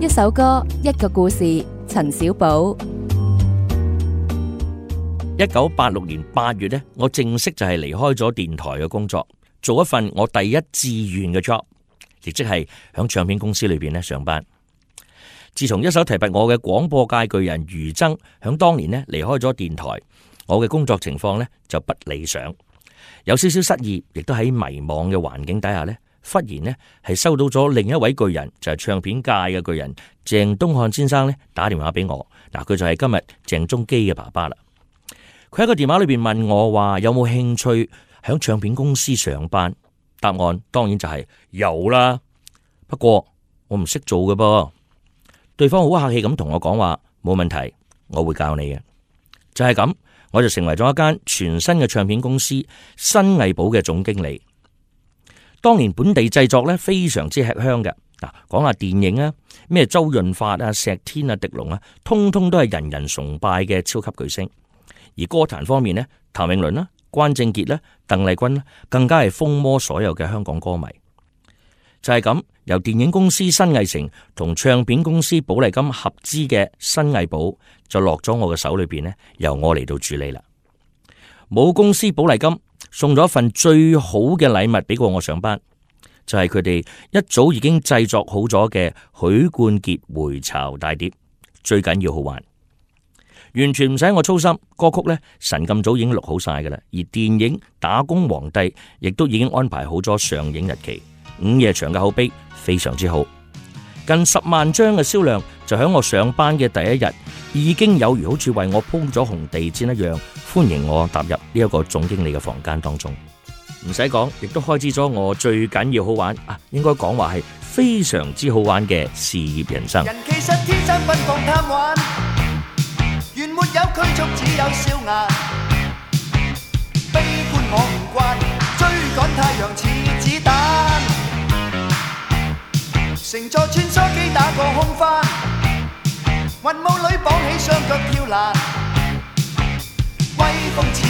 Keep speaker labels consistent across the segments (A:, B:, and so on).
A: 一首歌，一個故事。陳少寶，一九八六年八月咧，我正式就係離開咗電台嘅工作，做一份我第一志願嘅 job，亦即係喺唱片公司裏邊咧上班。自從一手提拔我嘅廣播界巨人俞琤，響當年咧離開咗電台，我嘅工作情況咧就不理想，有少少失意，亦都喺迷茫嘅環境底下咧。忽然呢，係收到咗另一位巨人，就係、是、唱片界嘅巨人鄭東漢先生呢打電話俾我。嗱，佢就係今日鄭中基嘅爸爸啦。佢喺個電話裏邊問我話有冇興趣喺唱片公司上班？答案當然就係、是、有啦，不過我唔識做嘅噃。對方好客氣咁同我講話，冇問題，我會教你嘅。就係、是、咁，我就成為咗一間全新嘅唱片公司新藝寶嘅總經理。當年本地製作咧，非常之吃香嘅嗱，講下電影啊，咩周潤發啊、石天啊、狄龍啊，通通都係人人崇拜嘅超級巨星。而歌壇方面呢，譚詠麟啦、關正傑啦、鄧麗君啦，更加係瘋魔所有嘅香港歌迷。就係咁，由電影公司新藝城同唱片公司寶麗金合資嘅新藝寶就落咗我嘅手裏邊咧，由我嚟到處理啦。母公司、寶麗金，送咗一份最好嘅禮物俾過我上班，就係佢哋一早已經製作好咗嘅許冠傑回巢大碟，最緊要好玩，完全唔使我操心。歌曲呢，神咁早已經錄好晒㗎喇，而電影《打工皇帝》亦都已經安排好咗上映日期。午夜場嘅口碑非常之好，近十萬張嘅銷量就響我上班嘅第一日。已經有如好似為我鋪咗紅地毯一樣，歡迎我踏入呢一個總經理嘅房間當中。唔使講，亦都開始咗我最緊要好玩啊！應該講話係非常之好玩嘅事業人生。人
B: 其實天生貪玩，原沒有有拘束，只有笑顏，悲觀，我唔慣，追趕太陽似子彈，乘坐穿梭機，打個空翻雲霧裏綁起雙腳，跳欄。威風。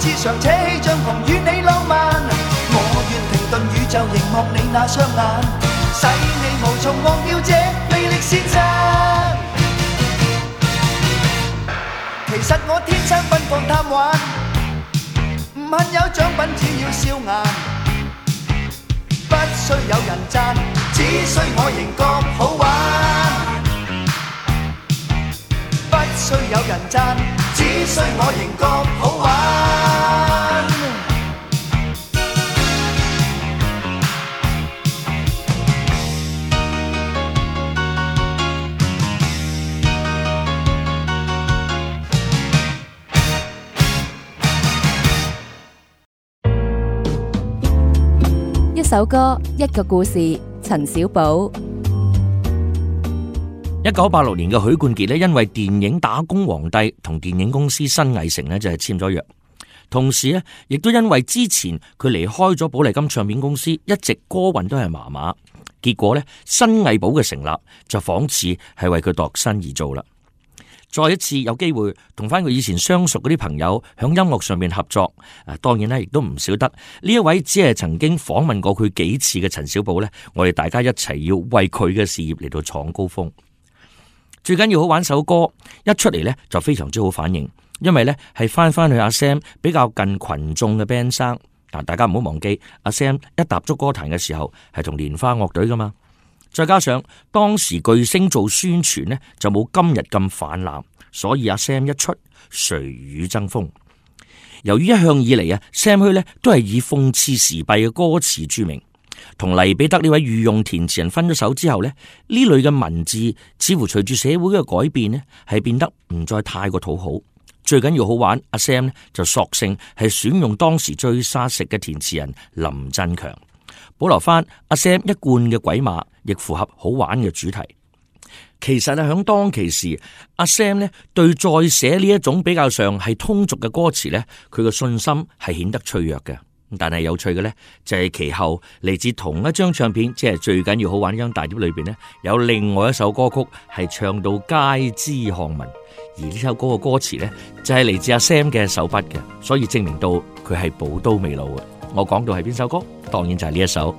B: 志上扯起帳篷與你浪漫，我願停頓宇宙凝望你那雙眼，使你無從忘掉這魅力先生。其實我天生奔放貪玩，唔恨有獎品只要笑顏，不需有人讚，只需我仍覺好玩。不需有人讚，只需我仍覺好玩。
A: 首歌一個故事，陳少寶。一九八六年嘅許冠傑呢，因為電影《打工皇帝》同電影公司新藝城呢就係簽咗約，同時呢亦都因為之前佢離開咗寶麗金唱片公司，一直歌運都係麻麻，結果呢新藝寶嘅成立就仿似係為佢度身而做啦。再一次有機會同翻佢以前相熟嗰啲朋友喺音樂上面合作，啊當然咧亦都唔少得呢一位，只係曾經訪問過佢幾次嘅陳少寶呢，我哋大家一齊要為佢嘅事業嚟到闖高峰。最緊要好玩首歌一出嚟呢就非常之好反應，因為呢係翻翻去阿 Sam 比較近群眾嘅 band 生，但大家唔好忘記阿 Sam 一踏足歌壇嘅時候係同蓮花樂隊噶嘛。再加上當時巨星做宣傳呢就冇今日咁泛濫，所以阿 Sam 一出，誰與爭鋒？由於一向以嚟啊，Sam 去咧都係以諷刺時弊嘅歌詞著名。同黎彼得呢位御用填詞人分咗手之後呢，呢類嘅文字似乎隨住社會嘅改變呢，係變得唔再太過討好。最緊要好玩，阿、啊、Sam 呢就索性係選用當時最沙食嘅填詞人林振強，保留翻阿、啊、Sam 一貫嘅鬼馬。亦符合好玩嘅主題。其實係響當其時，阿 Sam 呢對再寫呢一種比較上係通俗嘅歌詞呢，佢個信心係顯得脆弱嘅。但係有趣嘅呢，就係、是、其後嚟自同一張唱片，即、就、係、是、最緊要好玩呢張大碟裏邊呢，有另外一首歌曲係唱到街知巷聞，而呢首歌嘅歌詞呢，就係、是、嚟自阿 Sam 嘅手筆嘅，所以證明到佢係寶刀未老嘅。我講到係邊首歌？當然就係呢一首。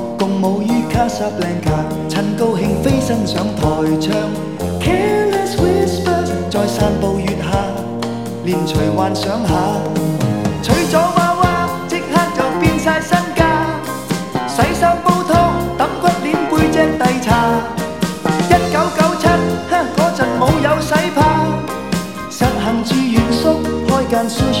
B: 加十靚格，趁高興飛身上台唱。Careless whisper，再散步月下，連隨幻想下。娶咗 娃娃，即刻就變晒身家，洗衫煲湯等骨鏈背脊遞茶。一九九七，嗰陣冇有洗怕，實行住元宿開間。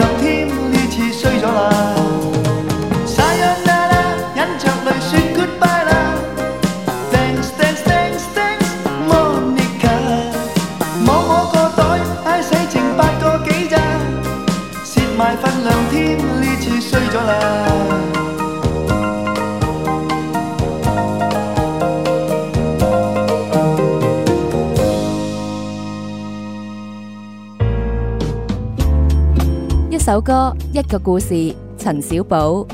B: 上天，呢次衰咗啦！
A: 首歌，一個故事，陳少寶。